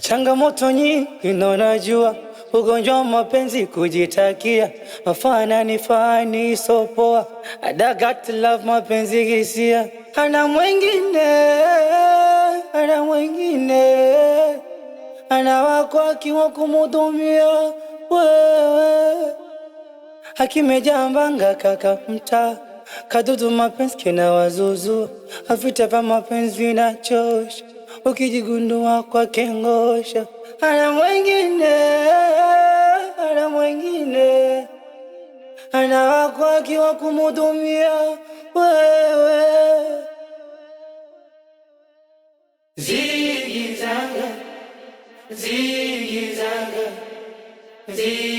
changamoto nyingi, najua ugonjwa wa mapenzi kujitakia mafanani fani sopoa adagat love mapenzi kisia ana mwengine ana mwengine ana wako akiwa kumudumia wewe akimejambanga kaka mtaa kadudu mapenzi kina wazuzu afita mapenzi mapenzi chosha ukijigundua kwa kengosha, ana mwengine, ana mwengine, ana wako akiwa kumudumia wewe. Zigizanga, zigizanga, zigizanga.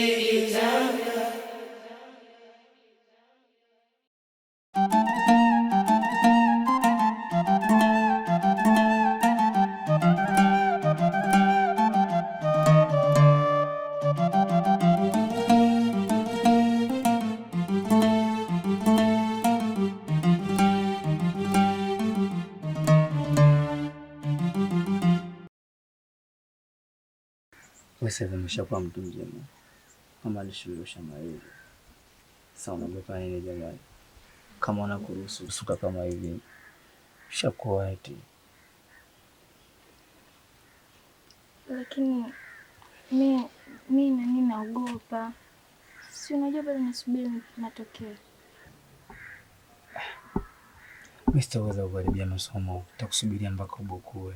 Wewe sasa umeshakuwa mtu mzima, kama alishusha maili sasa, unagopa nini jamani? Kama unakuruhusu suka kama hivi, ushakuwa eti. Lakini mi mi nani, naogopa. Si unajua bado nasubiri matokeo. Mi sitaweza kukaribia masomo, takusubiria mpaka ubukue.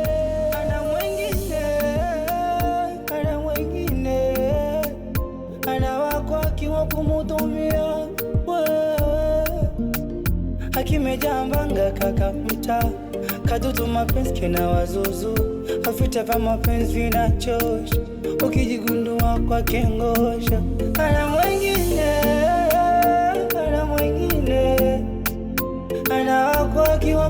nimejambanga kaka mta kadudu mapenzi kena wazuzu afita pa mapenzi vinachosha ukijigundua kwa kengosha ana mwengine ana mwengine ana wako akiwa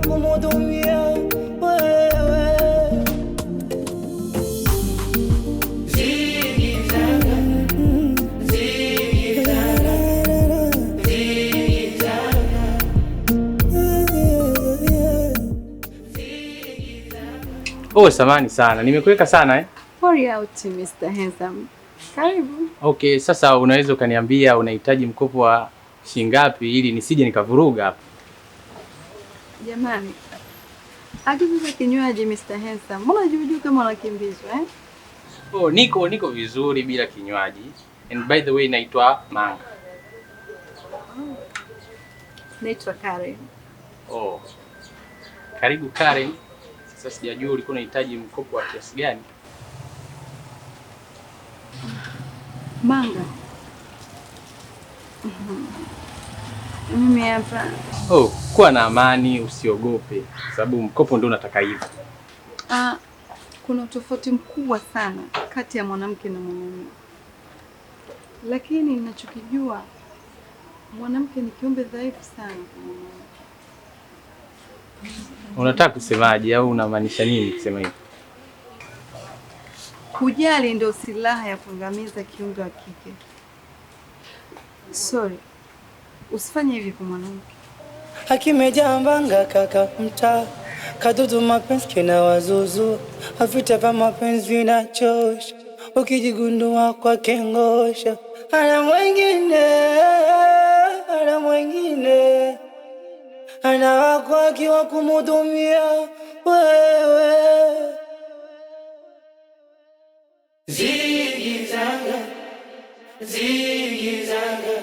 Oh, samani sana nimekuweka sana eh? Hurry out, Mr. Handsome. Karibu. Okay, sasa unaweza ukaniambia unahitaji mkopo wa shilingi ili nisije nikavuruga hapa? Jamani, akivuza kinywaji Mr. Handsome. Mbona juujuu kama unakimbizwa eh? Oh, niko niko vizuri bila kinywaji. And by the way naitwa Manga. Oh. Naitwa Karen. Oh. Karibu Karen. Sasa sijajua ulikuwa unahitaji mkopo wa kiasi gani? Manga. Mhm. Mimi hapa. Oh, kuwa na amani, usiogope sababu mkopo ndio unataka hivyo. Ah, kuna tofauti mkubwa sana kati ya mwanamke na mwanaume, lakini ninachokijua mwanamke ni kiumbe dhaifu sana kwa mwanaume. Unataka kusemaje au unamaanisha nini kusema hivyo? Kujali ndio silaha ya kuangamiza kiumbe wa kike. Sorry. Usifanye hivi kwa mwanamke. Hakime jambanga kaka mta kadudu mapenzi kina wazuzu afita pa mapenzi na chosh ukijigundua kwa kengosha ana mwingine ana mwingine ana wako akiwa kumhudumia wewe zigizanga zigizanga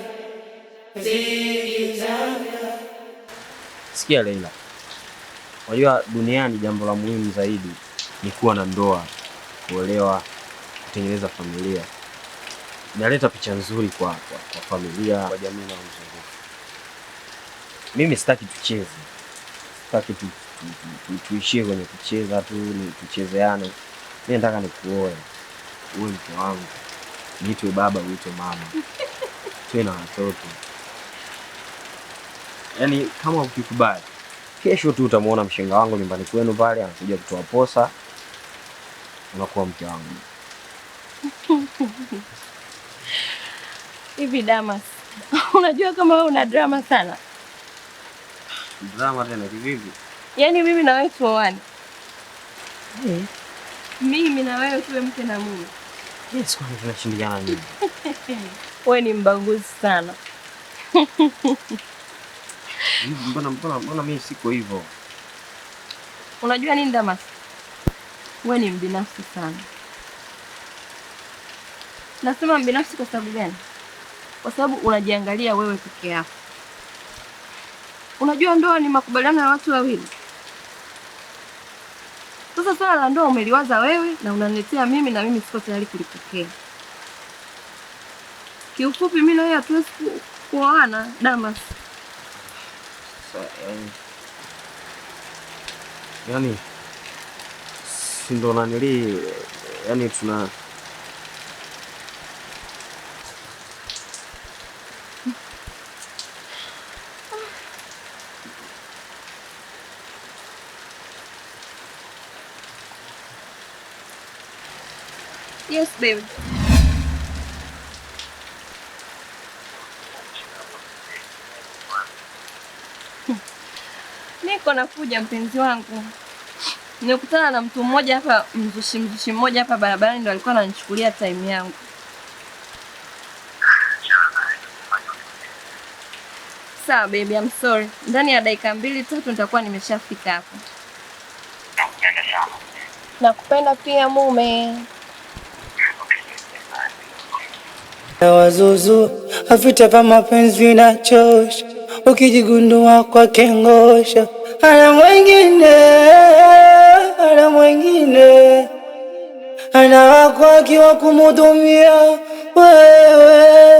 zigizanga. Sikia Leila, unajua duniani jambo la muhimu zaidi ni kuwa na ndoa, kuolewa, kutengeneza familia. Inaleta picha nzuri kwa, kwa, kwa familia, kwa jamii na mzunguko mimi sitaki tucheze, sitaki tu, tu, tu, tu, tuishie kwenye kucheza tu, ni tuchezeane. Mi nataka nikuoe, uwe mke wangu, niitwe baba, uitwe mama, tuwe na watoto. Yaani kama ukikubali, kesho tu utamwona mshenga wangu nyumbani kwenu pale, anakuja kutoa posa, unakuwa mke wangu. Hivi Damas, unajua kama wewe una drama sana Drama tena kivipi? Yaani mimi na wewe tuoane. Eh. Mimi na wewe tuwe mke na mume. Yes, kwani tunashindana nini? Wewe ni mbaguzi sana. Mbona mbona mbona mimi siko hivyo? Unajua nini Damas? Wewe ni mbinafsi sana. Nasema mbinafsi kwa sababu gani? Kwa sababu unajiangalia wewe peke yako. Unajua ndoa ni makubaliano ya watu wawili. Sasa swala la ndoa umeliwaza wewe na unaniletea mimi, na mimi siko tayari kulipokea. Kiufupi mimi na yeye hatuwezi kuoana Damas. Eh, yani, si ndo nanili, eh, yani tuna Yes, babe. Hmm. Niko nakuja mpenzi wangu. Nimekutana na mtu mmoja hapa, mzushi mzushi mmoja hapa barabarani ndo alikuwa ananichukulia time yangu. Sawa baby, I'm sorry. Ndani ya dakika mbili tatu nitakuwa nimeshafika hapo. Nakupenda pia mume. na wazuzu afita pa mapenzi na chosha, ukijigundua kwa kengosha. Ana mwengine, ana mwengine, ana wako akiwa kumudumia wewe